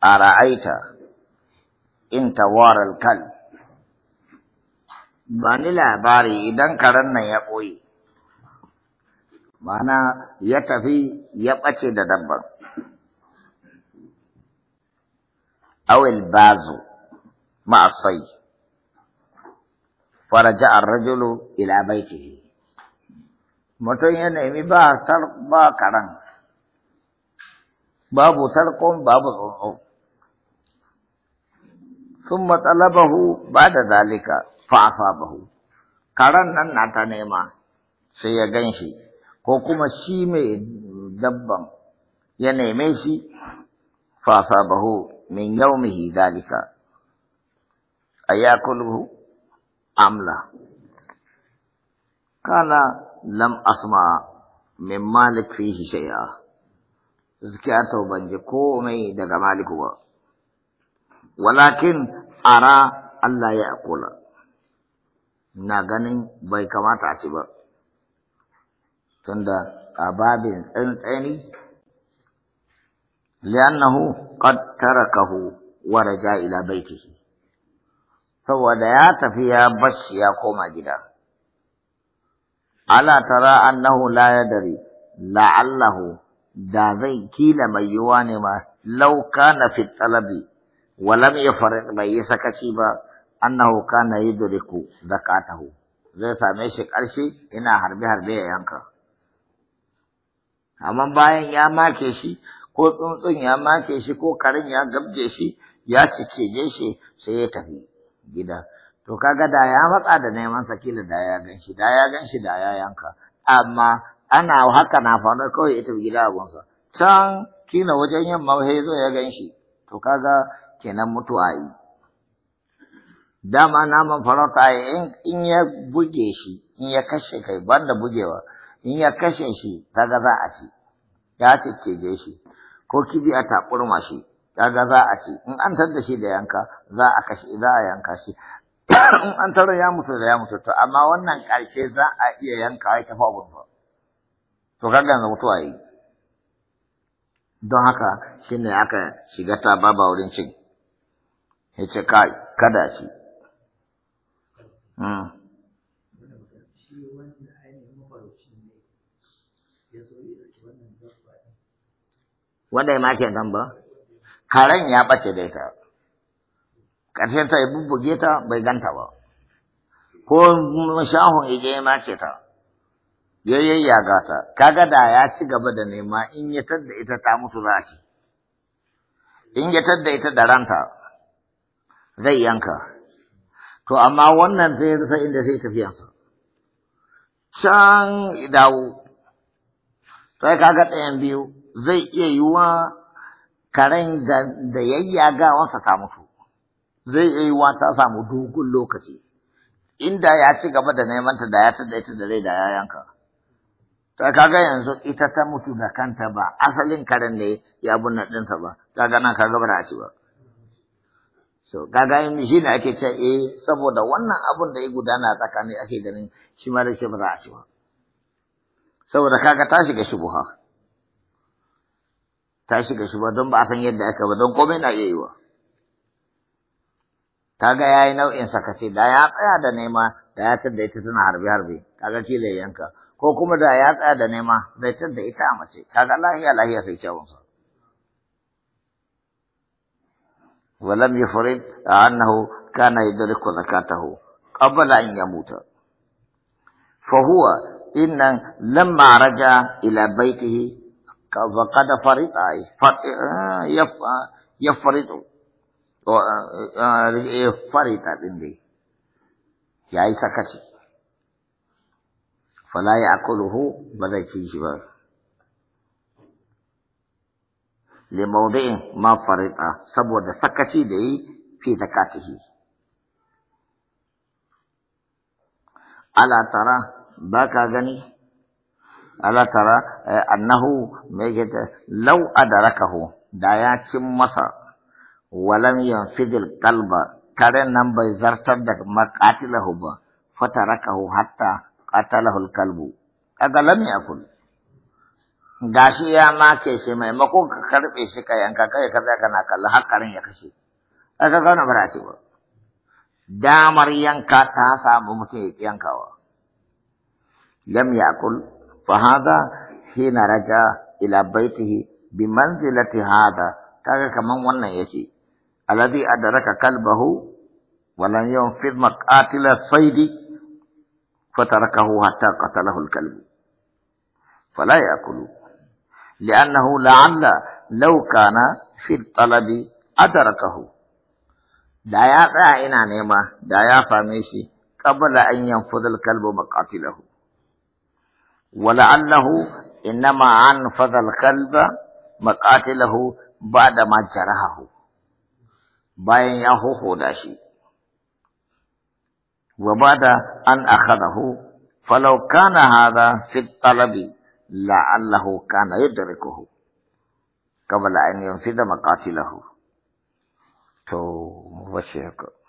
ara'aita in tawaral kal ba ni labari idan karen nan ya ɓoye mana ya tafi ya ɓace da dabbar. awil bazu ma'asai faraja ar-rajulu ila baitihi mutum ya nemi ba karen babu tarkon babu tsuntsu Sun ثم طلبه بعد ذلك bahu. karan nan na ta nema sai ya gan shi ko kuma shi mai dabban ya neme shi fasa bahu min yaumihi dalika a amla kana lam asma min malik fihi shay'a gaskiya to ban komai daga maliku ba walakin ara Allah ya akula na ganin bai kamata a ci ba tunda a babin tsantsani li'annahu qad tarakahu wa raja ila baitihi saboda ya tafi ya bashi ya koma gida ala tara annahu la yadri la'allahu da zai kila mai yiwa ne ma lauka na fi talabi walam ya farin bai yi sakaci ba annahu kana da zakatahu zai same shi ƙarshe ina harbe harbe ya yanka amma bayan ya make shi ko tsuntsun ya make shi ko karin ya gabje shi ya je shi sai ya tafi gida to kaga da ya matsa da neman sakila da ya gan shi da ya gan shi da ya yanka amma ana haka na faru kawai ya tafi gida abunsa can kina wajen yamma sai zo ya gan shi to kaga kenan mutuwa yi. Dama naman farauta in ya buge shi, in ya kashe kai, banda bugewa, in ya kashe shi, ga za a ci, ya cece shi, ko kibi a taɓurma shi, ga za a ci, in an tar da shi da yanka, za a kashe, za a yanka shi. In an tarar ya mutu da ya mutu, to amma wannan ƙarshe za a iya yanka ya tafi abin ba. To kaga yanzu mutuwa yi. Don haka shi ne aka shiga ta babawurin wurin cin. ya ce kai kada shi hmm. wanda ya make nan ba karen ya ɓace da ita ƙarshen ta ya bubbuge ta bai ganta ba ko shahun ije ya mace ta ya yayyaga ta kaga da ya ci gaba da nema in ya da ita ta mutu za shi in ya da ita da ranta zai yanka. To, amma wannan zai rufe inda zai tafi yanzu. Can dawo, sai kaga ɗayan biyu zai iya wa karen da wansa ta mutu, zai iya wa ta samu dogon lokaci. Inda ya ci gaba da neman ta da ya ta da rai da ya yanka. Ta kaga yanzu ita ta mutu da kanta ba, asalin karen ne ya bunna ɗinsa ba, ta gana kaga ba ci ba. so yin shi ne ake ce eh saboda wannan abun da ya gudana tsakanin ake ganin shi ma da shi ba za a ci ba saboda kaga ta shiga buha. ta shiga ba don ba a san yadda aka ba don komai na iya yiwa kaga yi nau'in sakaci da ya tsaya da nema da ya tada ita tana harbe harbe kaga kila yanka ko kuma da ya tsaya da nema da ita da ita a mace kaga lahiya lahiya sai kyawunsa ولم يفرد أنه كان يدرك زكاته قبل أن يموت فهو إن لما رجع إلى بيته فقد فرط يفرط فرط عندي يا كشي فلا يأكله بل يشيش لموضع ما فرط آه، سبب سكشي دي في زكاته ألا ترى باكا غني ألا ترى آه، أنه لو أدركه دايا مصر ولم ينفذ القلب كرن نمبر زرتر دك ما قاتله با فتركه حتى قتله القلب أقل لم يأكل gashi ya make shi maimakon ka karɓe shi ka yanka kai ka tsaya kana kalla har karin ya kashe aka zauna ba ce ba damar yanka ta samu mutum ya yankawa lam yakul fa hada hina raja ila baitihi bi manzilati hada kaga kaman wannan yake alladhi adraka kalbahu wa lam yunfid maqatila saidi fatarakahu hatta qatalahu al-kalb fala yakulu لأنه لعل لو كان في الطلب أدركه دايا فاينا نيما دايا ميشي قبل أن ينفذ الكلب مقاتله ولعله إنما أنفذ الكلب مقاتله بعدما جرحه بين يهو خوداشي وبعد أن أخذه فلو كان هذا في الطلب la'allahu kana yudrikuhu qabla an yanfida maqatilahu to mubashir